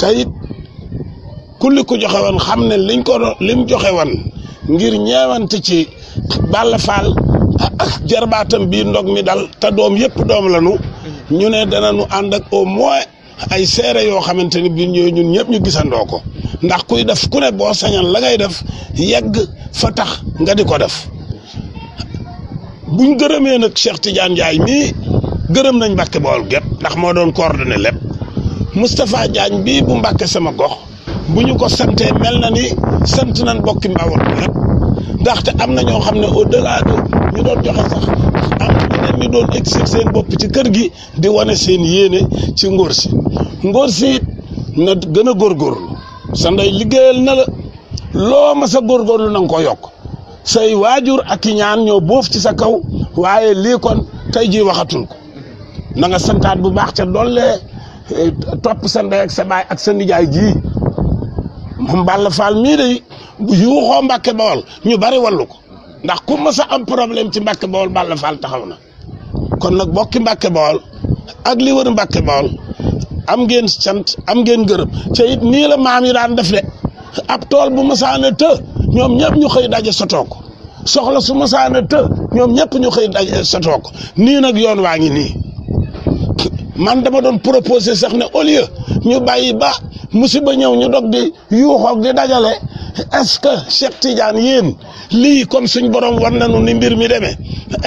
te ku kulli ku joxe xam ne liñ ko lim joxe woon ngir ñeewante ci Balla Fall ak jarbaatam bii ndog mi dal te doom yëpp doom lanu ñu ne dana danañu ànd ak au moins ay seere yoo xamante ni biir ñun ñëpp ñu gisandoo ko ndax kuy def ku ne boo sañan la ngay def yegg fa tax nga di ko def buñ gërëmee nag Cheikh Tidiane Ndiaye mii gërëm nañ Mbàkke Bawol gépp ndax moo doon coordonné lépp Moustapha Diagne bii bu Mbàkke sama gox bu ñu ko santee mel na ni sant nañ bokki Mbawol bi rek ndaxte am na ñoo xam ne au delà de ñu doon joxe sax am na ñu doon exercer seen bopp ci kër gi di wane seen yéene ci ngóor si ngóor si it na gën a góorgóorlu sa ndey liggéeyal na la loo ma sa góorgóorlu na nga ko yokk say waajur ak i ñaan ñoo boof ci sa kaw waaye lii kon tey jii waxatul ko na santaat bu baax ca dolle topp sa ak sa baay ak sa nijaay ji moom Balla Fall mii day bu yuuxoo Mbàkke Bawol ñu bari wallu ko ndax ku mës a am problème ci Mbàkke Bawol Balla Fall taxaw na kon nag bokki mbakke Bawol ak li mbakke Mbàkke am ngeen sant am ngeen gërëm te it nii la maam yi daan def de ab tool bu masaana të ñoom ñëpp ñu xëy daje sotoo ko soxla su masaana të ñoom ñëpp ñu xëy daje sotoo nii nag yoon waa ngi nii man dama doon proposé sax na au lieu ñu bàyyi ba musiba ñëw ñu dog di yuuxoog di dajale est-ce que Cheikh Tidiane yéen lii comme suñ borom war nañu ni mbir mi demee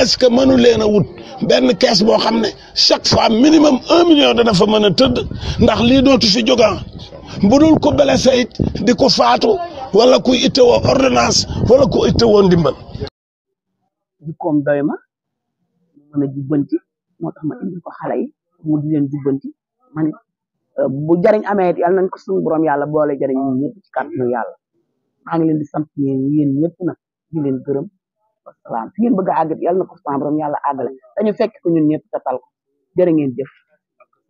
est-ce que mënu leen wut benn kees boo xam ne chaque fois minimum un million dana fa mën a tëdd ndax lii dootu fi jógaan bu dul ko blessé di ko faatu wala ku ittewoo ordonnance wala ku ittewoo ndimbal. jikkoom mu di leen jubbanti man euh, bu amee it yàlla nañ ko yàlla boole jariñ ñun ñëpp ci kàttanu yàlla maa ngi leen di sant yéen gërëm wasalaam fi ngeen bëgg a àggat yàlla na ko suñu borom yàlla àggale fekk ko ñun ñëpp tatal ko jërë ngeen jëf.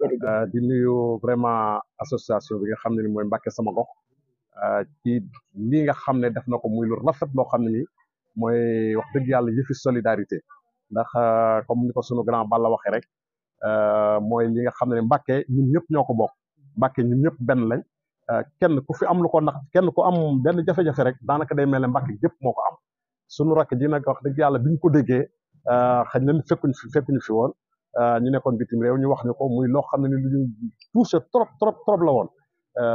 Euh, di nuyu vraiment association bi nga xam ne ni mooy Mbàkke sama gox euh, ci lii nga xam ne def na ko muy lu rafet loo xam ne ni mooy wax dëgg yàlla yëfi solidarité ndax comme ni ko sunu grand Balla waxee rek. Euh, mooy li nga xam ne Mbàkke ñun ñëpp ñoo ko bokk Mbàkke ñun ñëpp benn lañ euh, kenn ku fi am lu ko nax kenn ku am benn jafe-jafe rek daanaka day mel ne Mbàkke yëpp moo ko am suñu rakk ji nag wax dëgg yàlla bi ñu ko déggee euh, xëy na fekkuñ fi fekkuñu fi woon ñu nekkoon bitim réew ñu wax ñu ko muy loo xam ne ni lu ñu touché trop trop trop la woon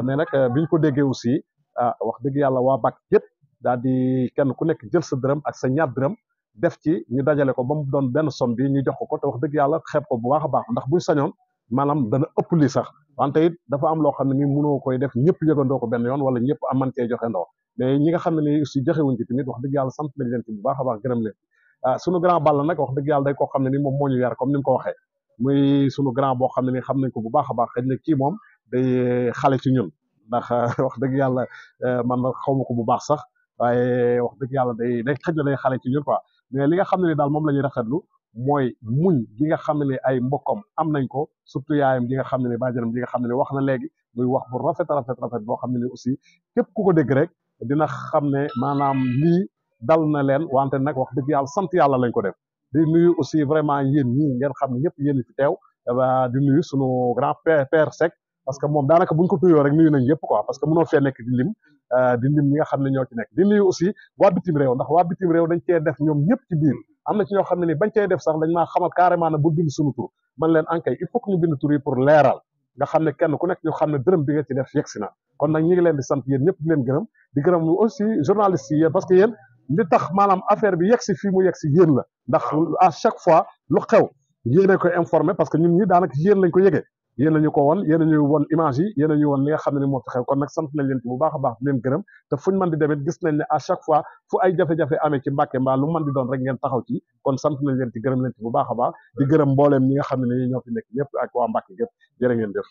mais nag bi ñu ko déggee aussi ah, wax dëgg yàlla waa Mbàkke yëpp daal di kenn ku nekk jël sa dërëm ak sa ñaar dërëm def ci ñu dajale ko ba mu doon benn somme bi ñu jox ko ko te wax dëgg yàlla xeeb ko bu baax a baax ndax buñ sañoon maanaam dana ëpp li sax wante it dafa am loo xam ne ni mënoo koy def ñëpp yëgandoo ko benn yoon wala ñëpp am man joxe ndoo mais ñi nga xam ne ni si joxewuñ ci tamit dëgg yàlla sant nañ leen ci baax a baax gërëm leen ah sunu grand ball nag wax dëgg yàlla day koo xam ne ni moom moo ñu yar comme ni mu ko waxee muy boo xam ne ni xam nañ ko bu baax a baax xëy na kii moom day eh, xale ci ñun ndax wax dëgg yàlla eh, man xaw ma ko bu baax sax waaye wax dëgg yàlla day day xëj na day xale ci ñun quoi mais li nga xam ne ni daal moom la ñuy rafetlu mooy muñ gi nga xam ne ay mbokkam am nañ ko surtout yaayam gi nga xam ne baajanam gi nga xam ne wax na léegi muy wax bu rafet rafet rafet boo xam ne aussi képp ku ko dégg rek dina xam ne maanaam lii dal na leen wante nag wax dëgg yàlla sant yàlla lañ ko def di nuyu aussi vraiment yéen ñii ngeen xam ne ñëpp yéen fi teew eh di nuyu sunu grand père Seck parce que moom daanaka buñ ko tuyoo rek nuyu nañ yëpp quoi parce que mënoo fee nekk di lim Euh, di lim ñi nga xam ne ñoo ci nekk di nuyu aussi waa bitim réew ndax waa bitim réew dañ cee def ñoom ñëpp ci biir am na ci ñoo xam ne ni bañ cee def sax dañ maa xamal carrément ne bu bind sunu tur man leen ankay il faut que ñu bind tur yi pour leeral nga xam ne kenn ku nekk ñu xam ne dërëm bi nga ci def yegsi na kon nag ñi ngi leen di sant yéen ñëpp di leen gërëm di gërëm aussi journaliste yi yéen parce que yéen li tax maanaam affaire bi yegsi fii mu yegsi yéen la ndax à chaque fois lu xew yéen ko informé parce que ñun ñi daanaka yéen lañ ko yëgee yéen ñu ko won yéen a ñu won image yi yéen a ñu won li nga xam ne moo fi kon nag sant na leen ci bu baax a baax di leen gërëm te fuñ mën di demit gis nañ ne à chaque fois fu ay jafe-jafe amee ci Mbàkke mbaa lu mën di doon rek ngeen taxaw ci kon sant na leen ci gërëm leen ci bu baax a baax di gërëm mbooleem ñi nga xam ne ñoo fi nekk ñëpp ak waa Mbàkke gépp jërë ngeen jëf